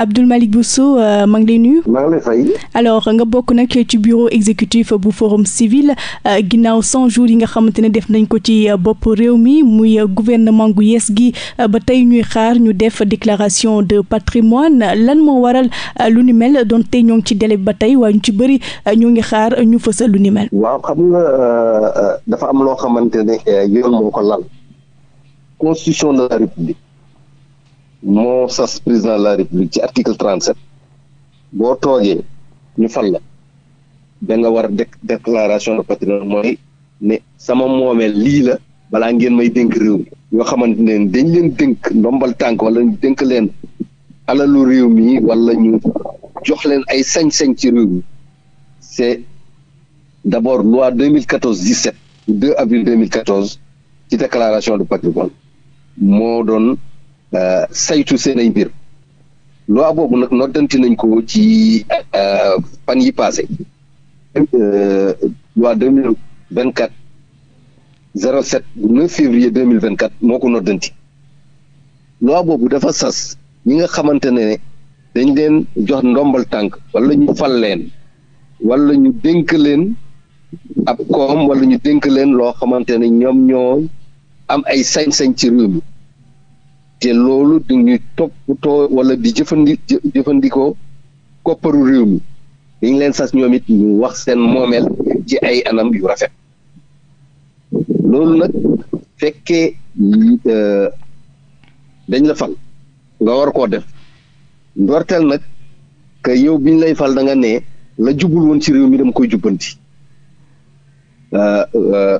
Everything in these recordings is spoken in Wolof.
Abdoul Malick Bousso euh, maa ngi lay nuyu. maa ngi lay fay. alors nga bokk nag ci bureau exécutif bu forum civil euh, ginnaaw cent jours yi nga xamante ne def nañ ko ci euh, bopp réew mi muy gouvernement gu yees gi ba tey ñuy xaar ñu def déclaration de patrimoine lan moo waral lu ni mel doon tey ñoo ngi ci délai ba tey waaye ñu ci bëri ñoo ngi xaar ñu fësal lu ni mel. waaw xam nga dafa am loo xamante ne yoon moo ko lal constitution de la république. moo sas président de la république ci article trente sept boo toogee ñu fal la da nga war a def déclaration de mooy ne sama moomeel lii la balaa ngeen may dénk réew mi yoo xamante ne dañ leen dënk ndombal tànk wala ñu dénk leen alalu réew mi wala ñu jox leen ay sañ-sañ ci réew mi c'est d'abord loi 2014 17 2 avril 2014 ci déclaration de patrimoine moo doon saytu seen ay mbir loi boobu nag noddanti nañ ko ci euh, fan yi passé euh, loi deux mille vingt quatre zéro sept neuf février deux mille vingt quatre moo ko noddanti loi boobu dafa sas ñi nga xamante ne dañ leen jox ndombal tànk wala ñu fal leen wala ñu dénk ab koom wala ñu dénk leen loo xamante ne ñoom ñoo am ay sañ-sañ ci réew te loolu duñu toppatoo wala di jëfandi jëfandikoo kopparu réew mi dañ leen sas ñoom it ñu wax seen moomeel ci ay anam yu rafet loolu nag fekkee euh, dañ la fal nga war koo def ndorteel nag que yow bi ñu lay fal da nga ne la jubul woon ci réew mi dama koy jubbanti euh, euh,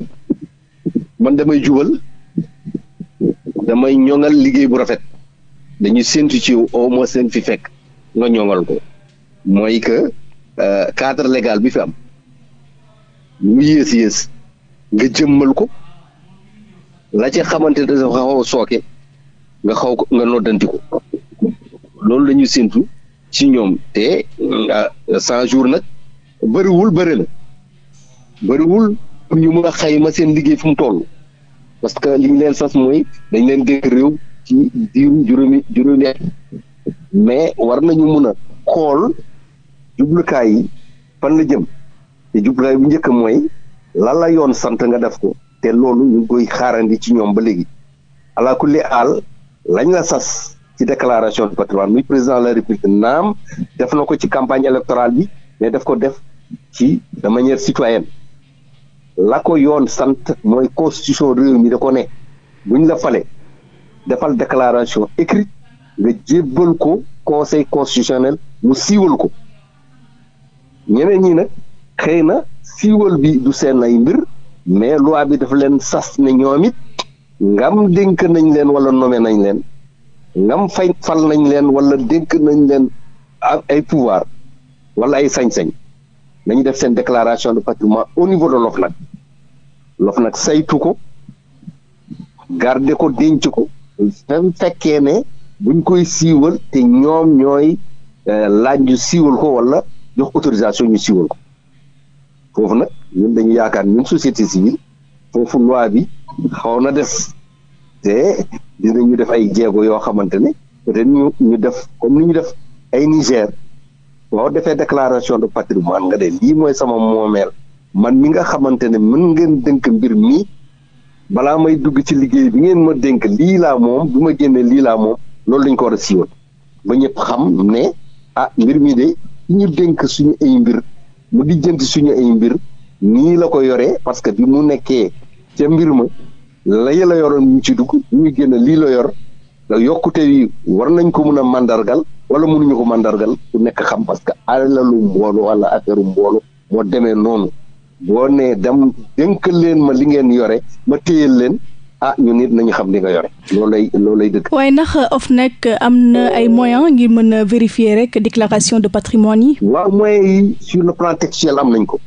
man damay jubal damay ñoŋal liggéey bu rafet dañuy séntu ci au moins seen fi fekk nga ñoŋal ko mooy que euh, cadre légal bi fi am mu yées yées nga jëmmal ko la ca xamante ne dafa xaw a sooke nga xaw ko nga noddanti ko loolu la ñuy séntu ci ñoom te euh, cent jours nag bëriwul bëri la bëriwul ñu mën a xayma seen liggéey fu mu toll. parce que liñ leen sas mooy dañ leen dégg réew ci diiru juróomi juróomi at mais war nañu mun a xool jublukaay yi fan la jëm te jublukaay bu njëkk mooy lan la yoon sant nga def ko te loolu ñu ngi koy xaarandi ci ñoom ba léegi ala kulli lañ la sas ci déclaration de patrimoine muy président de la république naam def na ko ci campagne électorale bi mais def ko def ci de manière citoyenne la ko yoon sant mooy constitution réew mi da ko ne buñ la fale defal déclaration écrite nga jébbal ko conseil constitutionnel mu siiwal ko ñeneen ñi nag xëy na siiwal bi du seen ay mbir mais loi bi dafa leen sas ne ñoom it ngam dénk nañ leen wala nommé nañ leen ngam fay fal nañ leen wala dénk nañ leen ay pouvoir wala ay sañ-sañ nañu def seen déclaration de patrimoine au niveau de l'OFNAC lof nag saytu ko garde ko denc ko fam fekkee ne buñ koy siiwal te ñoom ñooy euh, laaj yu siiwal ko wala jox autorisation ñu siiwal ko foofu nag ñun dañu yaakaar ñun société civile foofu loi bi xaw na des te dinañu def ay jéego yoo xamante ne peut ñu ñu def comme ni ñu def ay Niger boo defee déclaration de patrimoine nga de lii mooy sama moomeel man mi nga xamante ne mën ngeen dënk mbir mi balaa may dugg ci liggéey bi ngeen ma dénk lii laa moom bu ma génnee lii laa moom loolu lañ ko war a siiwal ba ñëpp xam ne ah mbir mi de ñu dénk suñu ay mbir mu di jënti suñu ay mbir nii la ko yoree parce que bi mu nekkee ca mbir ma la la yoroon ñu ci dugg ñu génn lii la yor la yokkute yi war nañ ko mun a màndargal wala mënuñu ko màndargal ku nekk xam parce que alalu mboolu wala affaire mboolu moo demee noonu boo nee dem dénkal leen ma li ngeen yore ma téyel leen ah ñu nit nañu xam li nga yore loolu lay loolu lay dëgg. waaye ndax OFNAC am na ay moyens ngir mën a vérifier rek déclaration de patrimoine yi. waaw moyens yi sur le plan textuel am nañ ko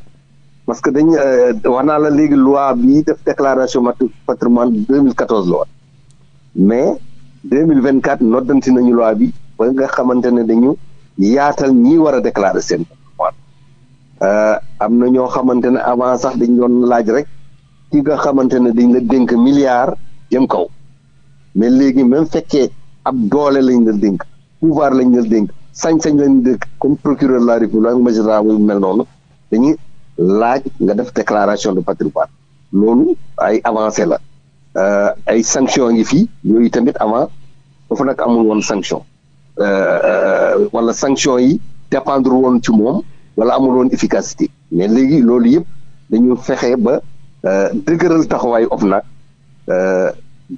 parce que dañ euh, wax naa la léegi loi bi def déclaration patrimoine mille la woon mais 2024 noddanti nañu loi bi ba nga xamante ne dañu yaatal ñi war a déclarer seen. Euh, am na ñoo xamante ne avant sax dañ doon laaj rek ki nga xamante ne dañ la dénk milliard jëm kaw mais léegi même fekkee ab doole lañ la dénk pouvoir lañ la dénk sañ-sañ lañ dëkk comme procureur de la république ak magistrat bu mel noonu dañuy laaj nga def déclaration de patrimoine loolu ay avancé la euh, ay sanction ngi fii yooyu tamit avant dafa nag amul woon sanction euh, wala sanction yi dépendre woon ci moom wala amul woon efficacité mais léegi loolu yëpp dañu fexe ba euh, dëgëral taxawaayu OFNAC euh,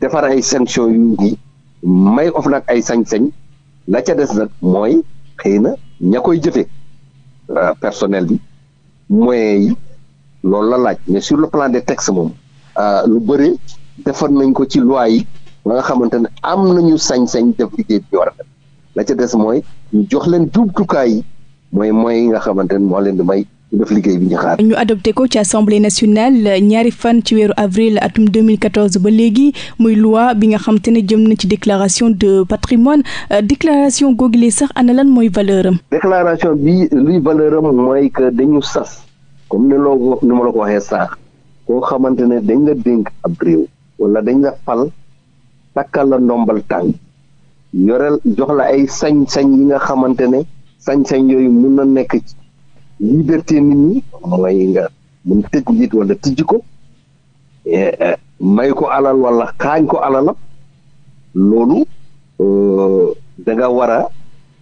defar ay sanction yu ni may OFNAC ay sañ-sañ la ca des nag mooy xëy na ña koy jëfe euh, personnel bi moyens yi loolu la laaj mais sur le plan des textes moom lu bëre defar nañ ko ci loi yi ba nga xamante ne am nañu sañ-sañ def liggéey bi ñu war a ca des mooy ñu jox leen jumtukaay yi mooy moyens yi nga xamante ne moo leen di may def liggéey bi ñu xaar. ñu adopté ko ci assemblée nationale ñaari fan ci weeru avril atum 2014 ba léegi muy loi bi nga xam te jëm na ci déclaration de patrimoine euh, déclaration googu sax ana lan mooy valeur am. déclaration bi luy valeur am mooy que dañu sas comme ni loo ni ma la ko waxee saax koo xamante ne dañ la dénk ab réew wala dañ la fal takkal la ndombal tànk yorel jox la ay sañ-sañ yi nga xamante ne. sañ-sañ yooyu mun na nekk ci liberté nit ñi mooy nga mun tëj njiit wala tijji ko eh, eh, may ko alal wala xaañ ko alalam loolu euh, danga nga war a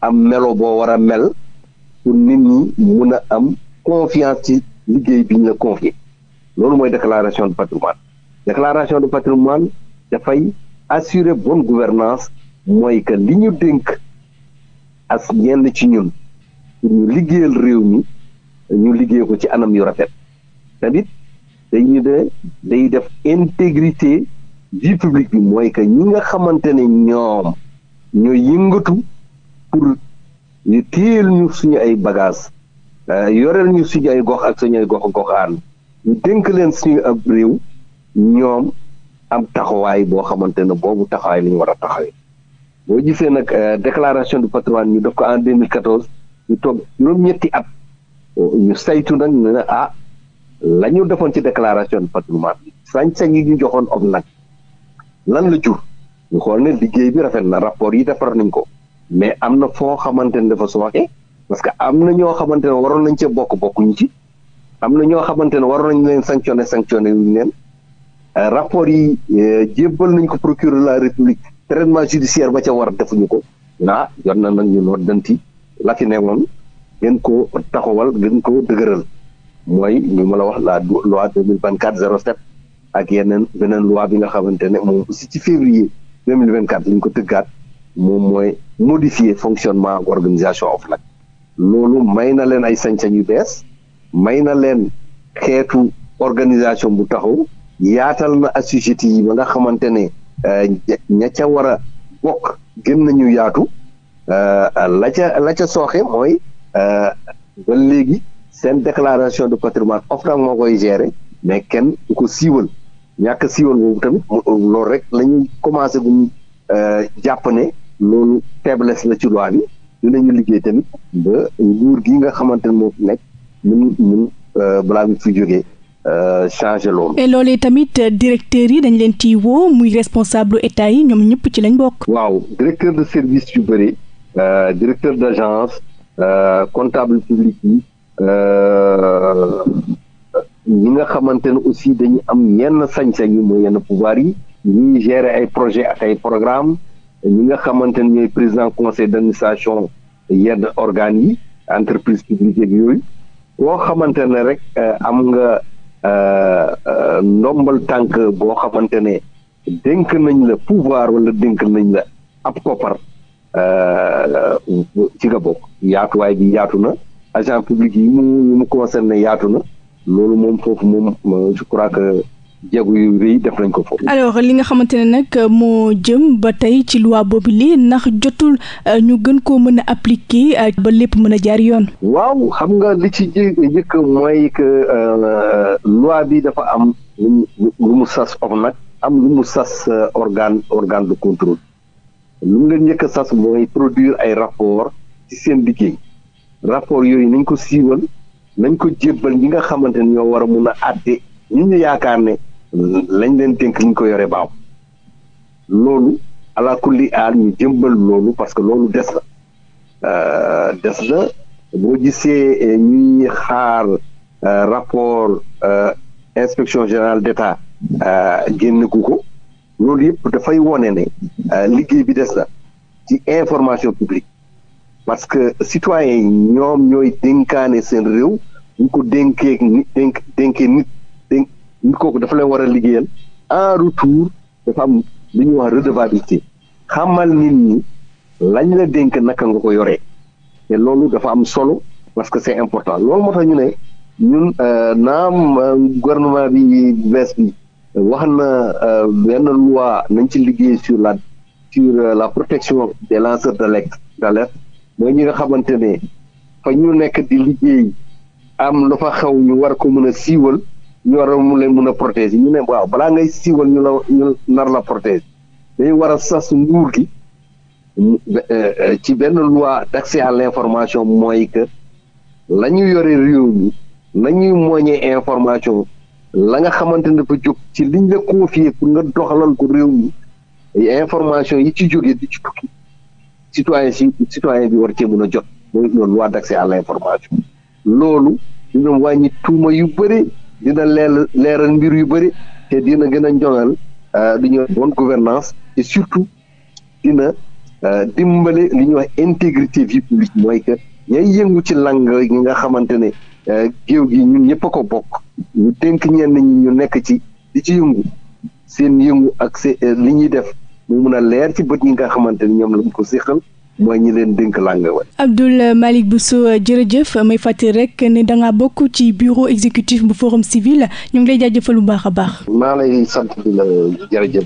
am melo boo war a mel pour nit ñi mun a am confiance ci liggéey bi ñu la confié loolu mooy déclaration de patrimoine déclaration de patrimoine dafay assurer bonne gouvernance mooy que li ñu dénk ak ñenn ci ñun pour ñu liggéeyal réew mi ñu liggéey ko ci anam yu rafet tamit dañu de day def intégrité vie publique bi mooy que ñi nga xamante ne ñoom ñooy yëngatu pour ñu téyel ñu suñu ay bagages euh, yoreel ñu suñu ay gox ak suñu ay gox goxaan ñu dénk leen suñu ab réew ñoom am taxawaay boo xamante ne boobu taxawaay la ñu war a taxawee boo gisee nag euh, déclaration de patrimoine ñu def ko en 2014 ñu toog juróom-ñetti at ñu saytu nag ne na ah la ñu defoon ci déclaration de patrimoine sañ-sañ yi ñu joxoon om nag lan la jur ñu xool ne liggéey bi rafet na rapport yi defar nañ ko mais am na foo xamante ne dafa sooxe parce que am na ñoo xamante ne waroon nañ cee bokk bokkuñu ci am na ñoo xamante ne waroon nañ leen sanctionné sanctionné wuñu leen rapport yi euh, jébbal nañ ko procureur de la république traitement judiciaire ba ca war defuñu ko ah yor na nag ñu war danti la fi nekkoon gen ko taxawal gën ko dëgëral mooy ñu ma la wax la loi deux mille vingt quatre zéro sept ak yeneen beneen loi bi nga xamante ne moom aussi ci février deux mille vingt quatre li ñu ko tëggaat moom mooy modifier fonctionnement ak organisation OFNAC loolu may na leen ay sañ-sañ yu bees may na leen xeetu organisation bu taxaw yaatal na assujetti yi ba nga xamante ne Eh, ña ca war a bokk gën nañu yaatu eh, la ca la ca sooxe mooy eh, ba léegi seen déclaration de patrimoine OFNAC moo koy gérer mais kenn du ko siiwal ñàkk siiwal boobu tamit loolu rek la ñuy commencé bu ñu jàpp ne loolu faiblesse la ci loi bi dinañu liggéey tamit ba nguur gi nga xamante ne moo nekk ñun ñun balaa fi jógee Euh, changé loolu. mais loolee tamit euh, directeurs yi dañ leen ciy woo muy responsable état yi ñoom ñëpp ci lañu bokk. waaw directeur de service yu bëri euh, directeur d' agence comptable public yi ñi nga xamante ne aussi dañu am yenn sañ-sañ yi mooy yenn pouvoir yi ñuy gere ay projet ak ay programme ñi nga xamante ne ñooy président conseil d' administration yenn organes yi entreprise publique yooyu koo xamante rek am nga. Euh, euh, ndombal tànk boo xamante ne dénk nañ la pouvoir wala dénk nañ la ab koppar euh, ci nga bokk yaatuwaay bi yaatu na agent public yi mu yi mu concerné yaatu na loolu moom foofu moom je crois que jéego yu rëy def nañ ko foofu. alors li nga xamante ne nag moo jëm ba tey ci loi boobu lii ndax jotul euh, ñu gën koo mën a appliquer euh, ba lépp mën a jaar yoon. waaw xam nga li ci njëkk mooy que euh, loi bi dafa am lu mu sas OFNAC am lu mu sas organe organe de contrôle lu mu leen njëkk a sas mooy produire ay rapport ci seen liggéey rapport yooyu nañ ko siiwal nañ ko jébbal ñi nga xamante ne ñoo war a a àtte ñi ñu yaakaar ne lañ leen dénk ñu ko yore baaw loolu ala kulli aal ñu jëmbal loolu parce que loolu des la euh, des la boo gisee eh, ñuy xaar euh, rapport euh, inspection générale d'État génn ku ko loolu yëpp dafay wone ne liggéey bi des na ci information publique parce que citoyens yi ñoom ñooy dénkaane seen réew bu ñu ko dénkee nit kooku dafa leen war a liggéeyal en retour dafa am lu ñuy wax redevabilité xamal nit ñi lañ la dénk naka nga ko yore te loolu dafa am solo parce que c'est important loolu moo tax ñu ne ñun euh, naam euh, gouvernement bi bees bi wax na euh, benn loi nañ ci liggéey sur la sur la protection des lanceurs d'alerte d'alerte mooy ñi nga xamante ne fa ñu nekk di liggéey am lu fa xaw ñu war ko mën a siiwal ñu war a mun leen mun a ñu ne waaw balaa ngay siiwal ñu la ñu nar la protéger dañu war a sas nguur gi euh, euh, ci benn loi d'accès à l'information mooy que la ñu yore réew mi la ñuy moñee information la nga xamante ne jóg ci liñ la confier pour nga doxalal ko réew mi information yi ci jógee di ci tukki citoyen si citoyen bi war cee mën a jot mooy loolu loi à l'information loolu dina wàññi tuuma yu bëri dina leer leeral mbir yu bëri te dina gën a njogal euh, li ñuy wax bonne gouvernance et surtout dina euh, dimbale li ñuy wax intégrité vie publique mooy que ñay yëngu ci lang yi nga xamante ne euh, géew gi ñun ñëpp a ko bokk ñu dénk ñenn ñi ñu nekk ci di ci yëngu seen yëngu ak seen li ñuy def mu mun a leer ci bët ñi nga xamante ne ñoom lañ ko séqal mooy ñi leen dénk làng wa Abdoul Malick Bousso jërëjëf may fàttali rek ne da ngaa bokk ci bureau exécutif bu forum civil ñu ngi lay jaajëfal bu baax a baax. maa lay sant di la jërëjëf.